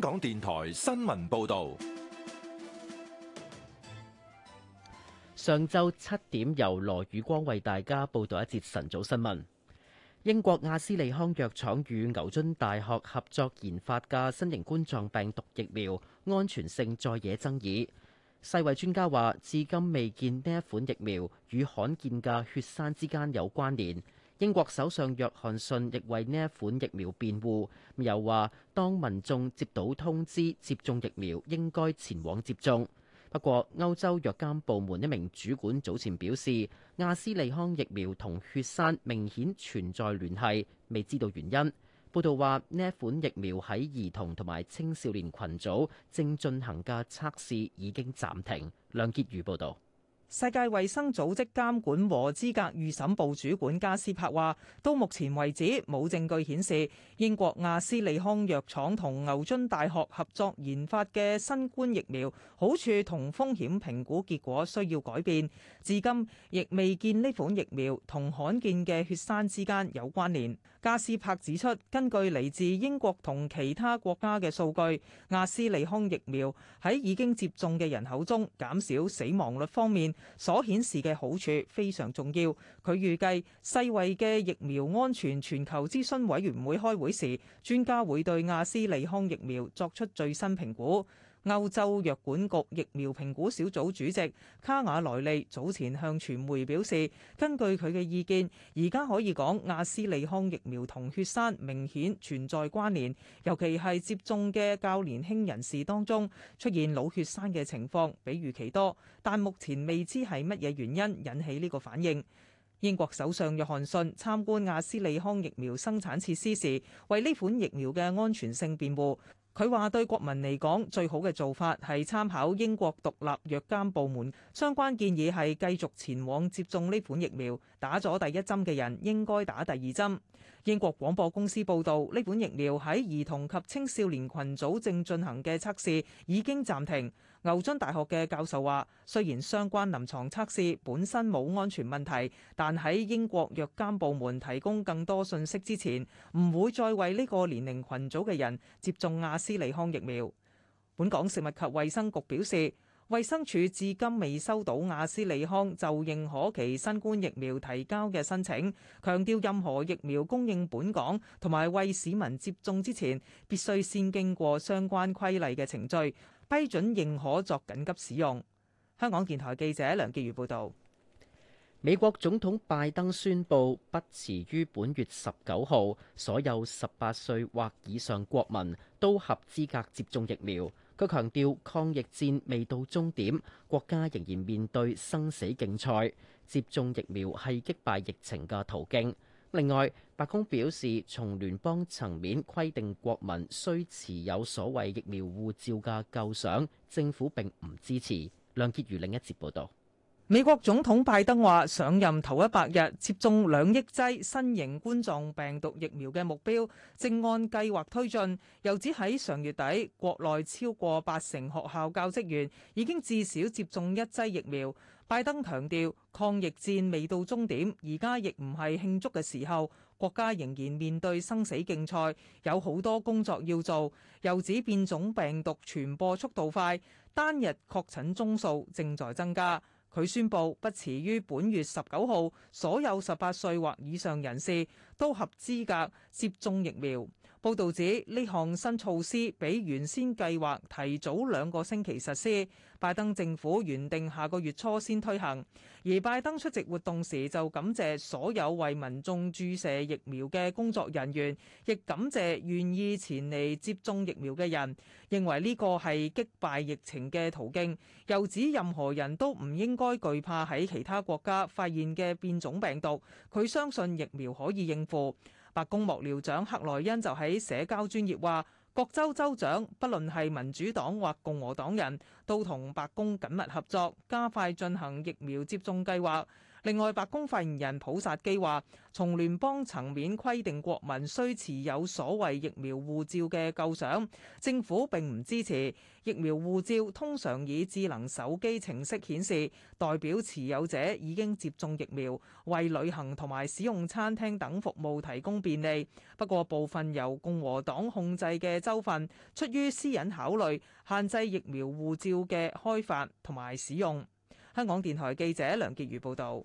香港電台新聞報道：上晝七點，由羅宇光為大家報道一節晨早新聞。英國亞斯利康藥廠與牛津大學合作研發嘅新型冠狀病毒疫苗安全性再惹爭議。世衛專家話，至今未見呢一款疫苗與罕見嘅血栓之間有關聯。英國首相約翰遜亦為呢一款疫苗辯護，又話當民眾接到通知接種疫苗，應該前往接種。不過，歐洲藥監部門一名主管早前表示，亞斯利康疫苗同血栓明顯存在聯繫，未知道原因。報道話呢一款疫苗喺兒童同埋青少年群組正進行嘅測試已經暫停。梁潔如報導。世界衛生組織監管和資格預審部主管加斯柏話，到目前為止冇證據顯示英國阿斯利康藥廠同牛津大學合作研發嘅新冠疫苗好處同風險評估結果需要改變。至今亦未見呢款疫苗同罕見嘅血栓之間有關聯。加斯柏指出，根據嚟自英國同其他國家嘅數據，阿斯利康疫苗喺已經接種嘅人口中減少死亡率方面。所顯示嘅好處非常重要。佢預計世衞嘅疫苗安全全球諮詢委員會開會時，專家會對亞斯利康疫苗作出最新評估。歐洲藥管局疫苗評估小組主席卡瓦萊利早前向傳媒表示，根據佢嘅意見，而家可以講亞斯利康疫苗同血栓明顯存在關聯，尤其係接種嘅較年輕人士當中出現腦血栓嘅情況比預期多，但目前未知係乜嘢原因引起呢個反應。英國首相約翰遜參觀亞斯利康疫苗生產設施時，為呢款疫苗嘅安全性辯護。佢話：對國民嚟講，最好嘅做法係參考英國獨立藥監部門相關建議，係繼續前往接種呢款疫苗。打咗第一針嘅人應該打第二針。英國廣播公司報道，呢款疫苗喺兒童及青少年群組正進行嘅測試已經暫停。牛津大學嘅教授話，雖然相關臨床測試本身冇安全問題，但喺英國藥監部門提供更多信息之前，唔會再為呢個年齡群組嘅人接種阿斯利康疫苗。本港食物及衛生局表示。衛生署至今未收到阿斯利康就認可其新冠疫苗提交嘅申請，強調任何疫苗供應本港同埋為市民接種之前，必須先經過相關規例嘅程序批准認可作緊急使用。香港電台記者梁潔如報道。美國總統拜登宣布，不遲於本月十九號，所有十八歲或以上國民都合資格接種疫苗。佢強調抗疫戰未到終點，國家仍然面對生死競賽，接種疫苗係擊敗疫情嘅途徑。另外，白宮表示從聯邦層面規定國民需持有所謂疫苗護照嘅構想，政府並唔支持。梁潔如另一節報導。美國總統拜登話，上任頭一百日接種兩億劑新型冠狀病毒疫苗嘅目標正按計劃推進。又指喺上月底，國內超過八成學校教職員已經至少接種一劑疫苗。拜登強調，抗疫戰未到終點，而家亦唔係慶祝嘅時候，國家仍然面對生死競賽，有好多工作要做。又指變種病毒傳播速度快，單日確診宗數正在增加。佢宣布不遲於本月十九號，所有十八歲或以上人士都合資格接種疫苗。報導指呢項新措施比原先計劃提早兩個星期實施。拜登政府原定下個月初先推行，而拜登出席活動時就感謝所有為民眾注射疫苗嘅工作人員，亦感謝願意前嚟接種疫苗嘅人，認為呢個係擊敗疫情嘅途徑。又指任何人都唔應該懼怕喺其他國家發現嘅變種病毒，佢相信疫苗可以應付。白宮幕僚長克萊恩就喺社交專頁話。各州州長，不論係民主黨或共和黨人，都同白宮緊密合作，加快進行疫苗接種計劃。另外，白宮發言人普薩基話：從聯邦層面規定國民需持有所謂疫苗護照嘅構想，政府並唔支持。疫苗護照通常以智能手機程式顯示，代表持有者已經接種疫苗，為旅行同埋使用餐廳等服務提供便利。不過，部分由共和黨控制嘅州份，出於私隱考慮，限制疫苗護照嘅開發同埋使用。香港電台記者梁潔如報道，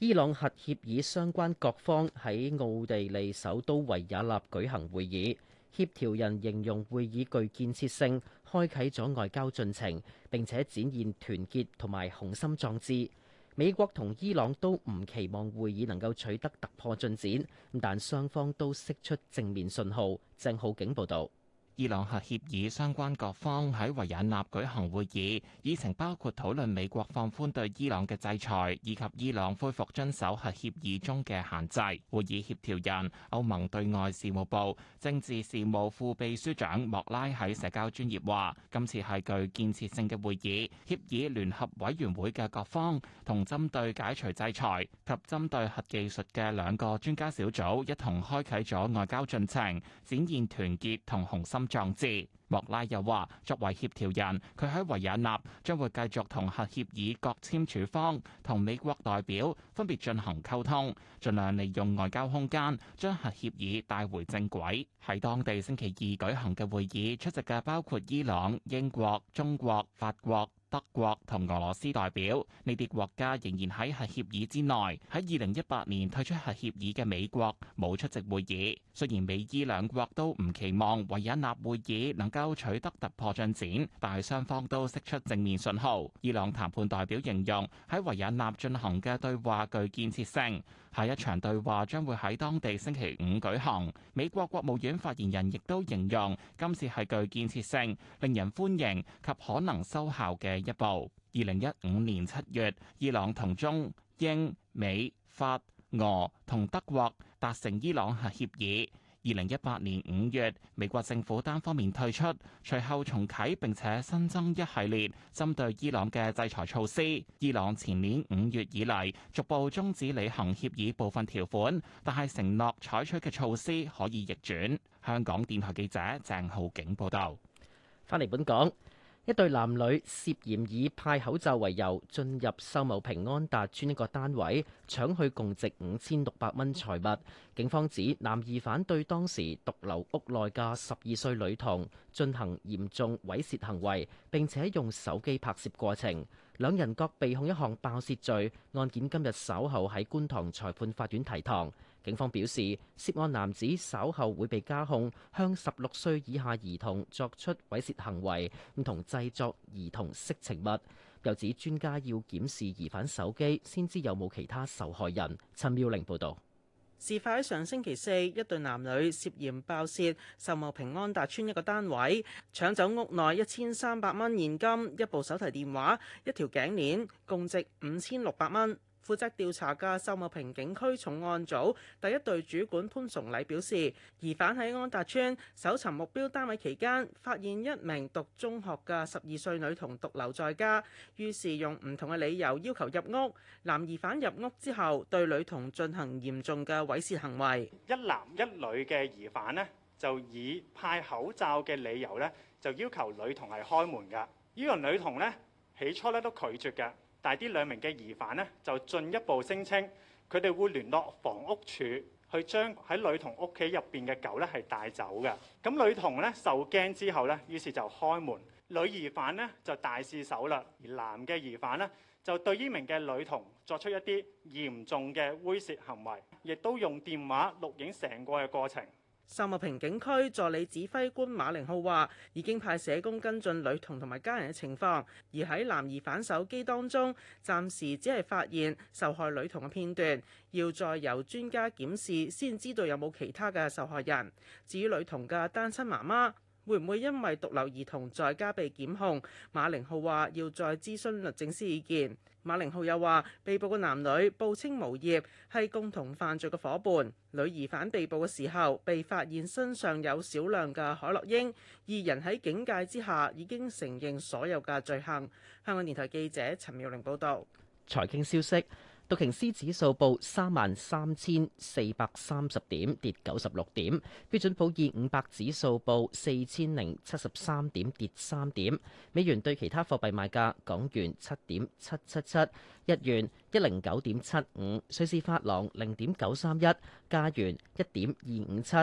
伊朗核協議相關各方喺奧地利首都維也納舉行會議，協調人形容會議具建設性，開啟咗外交進程，並且展現團結同埋雄心壯志。美國同伊朗都唔期望會議能夠取得突破進展，但雙方都釋出正面信號。鄭浩景報道。伊朗核協議相關各方喺維也納舉行會議，議程包括討論美國放寬對伊朗嘅制裁，以及伊朗恢復遵守核協議中嘅限制。會議協調人、歐盟對外事務部政治事務副秘書長莫拉喺社交專頁話：今次係具建設性嘅會議，協議聯合委員會嘅各方同針對解除制裁及針對核技術嘅兩個專家小組一同開啓咗外交進程，展現團結同雄心。莫拉又話，作為協調人，佢喺維也納將會繼續同核協議各簽署方同美國代表分別進行溝通，盡量利用外交空間將核協議帶回正軌。喺當地星期二舉行嘅會議，出席嘅包括伊朗、英國、中國、法國。德國同俄羅斯代表，呢啲國家仍然喺核協議之內。喺二零一八年退出核協議嘅美國冇出席會議。雖然美伊兩國都唔期望維也納會議能夠取得突破進展，但係雙方都釋出正面信號。伊朗談判代表形容喺維也納進行嘅對話具建設性。下一場對話將會喺當地星期五舉行。美國國務院發言人亦都形容今次係具建設性、令人歡迎及可能收效嘅。一步。二零一五年七月，伊朗同中、英、美、法、俄同德國達成伊朗核協議，二零一八年五月，美國政府單方面退出，隨後重啟並且新增一系列針對伊朗嘅制裁措施。伊朗前年五月以嚟，逐步終止履行協議部分條款，但係承諾採取嘅措施可以逆轉，香港電台記者鄭浩景報道。翻嚟本港。一對男女涉嫌以派口罩為由進入秀茂坪安達邨一個單位，搶去共值五千六百蚊財物。警方指男疑犯對當時獨留屋內嘅十二歲女童進行嚴重猥褻行為，並且用手機拍攝過程。兩人各被控一項爆竊罪，案件今日稍後喺觀塘裁判法院提堂。警方表示，涉案男子稍後會被加控向十六歲以下兒童作出猥褻行為，唔同製作兒童色情物。又指專家要檢視疑犯手機，先知有冇其他受害人。陳妙玲報導。事發喺上星期四，一對男女涉嫌爆竊，秀茂坪安達邨一個單位，搶走屋內一千三百蚊現金、一部手提電話、一條頸鏈，共值五千六百蚊。負責調查嘅秀茂坪警區重案組第一隊主管潘崇禮表示，疑犯喺安達邨搜尋目標單位期間，發現一名讀中學嘅十二歲女童獨留在家，於是用唔同嘅理由要求入屋。男疑犯入屋之後，對女童進行嚴重嘅猥褻行為。一男一女嘅疑犯呢，就以派口罩嘅理由呢，就要求女童係開門㗎。呢個女童呢，起初咧都拒絕㗎。但係呢兩名嘅疑犯咧，就進一步聲稱佢哋會聯絡房屋署去將喺女童屋企入邊嘅狗咧係帶走嘅。咁女童咧受驚之後咧，於是就開門，女疑犯咧就大肆搜掠，而男嘅疑犯咧就對呢名嘅女童作出一啲嚴重嘅猥褻行為，亦都用電話錄影成個嘅過程。秀茂坪警區助理指揮官馬凌浩話：已經派社工跟進女童同埋家人嘅情況，而喺男疑犯手機當中，暫時只係發現受害女童嘅片段，要再由專家檢視先知道有冇其他嘅受害人。至於女童嘅單親媽媽，會唔會因為獨留兒童在家被檢控？馬凌浩話要再諮詢律政司意見。馬凌浩又話，被捕嘅男女報稱無業，係共同犯罪嘅伙伴。女疑犯被捕嘅時候，被發現身上有少量嘅海洛因。二人喺警戒之下已經承認所有嘅罪行。香港電台記者陳妙玲報導。財經消息。道瓊斯指數報三萬三千四百三十點，跌九十六點。標準普爾五百指數報四千零七十三點，跌三點。美元對其他貨幣賣價：港元七點七七七，日元一零九點七五，瑞士法郎零點九三一，加元一點二五七，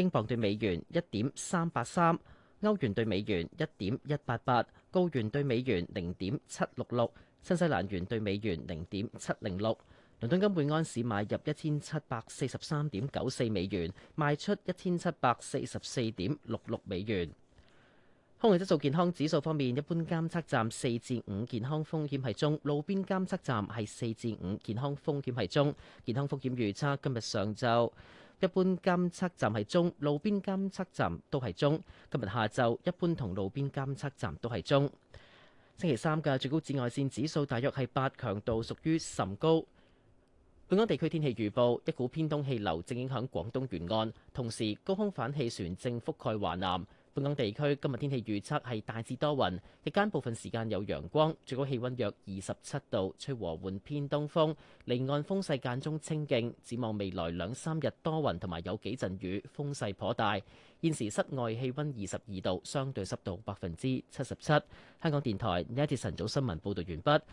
英鎊對美元一點三八三，歐元對美元一點一八八，澳元對美元零點七六六。新西蘭元對美元零點七零六，倫敦金每安士買入一千七百四十三點九四美元，賣出一千七百四十四點六六美元。空氣質素健康指數方面，一般監測站四至五健康風險係中，路邊監測站係四至五健康風險係中。健康風險預測今日上晝，一般監測站係中，路邊監測站都係中。今日下晝，一般同路邊監測站都係中。星期三嘅最高紫外線指數大約係八強度，屬於甚高。本港地區天氣預報，一股偏東氣流正影響廣東沿岸，同時高空反氣旋正覆蓋華南。本港地區今日天氣預測係大致多雲，日間部分時間有陽光，最高氣溫約二十七度，吹和緩偏東風，離岸風勢間中清勁。展望未來兩三日多雲同埋有幾陣雨，風勢頗大。現時室外氣溫二十二度，相對濕度百分之七十七。香港電台呢一節晨早新聞報道完畢。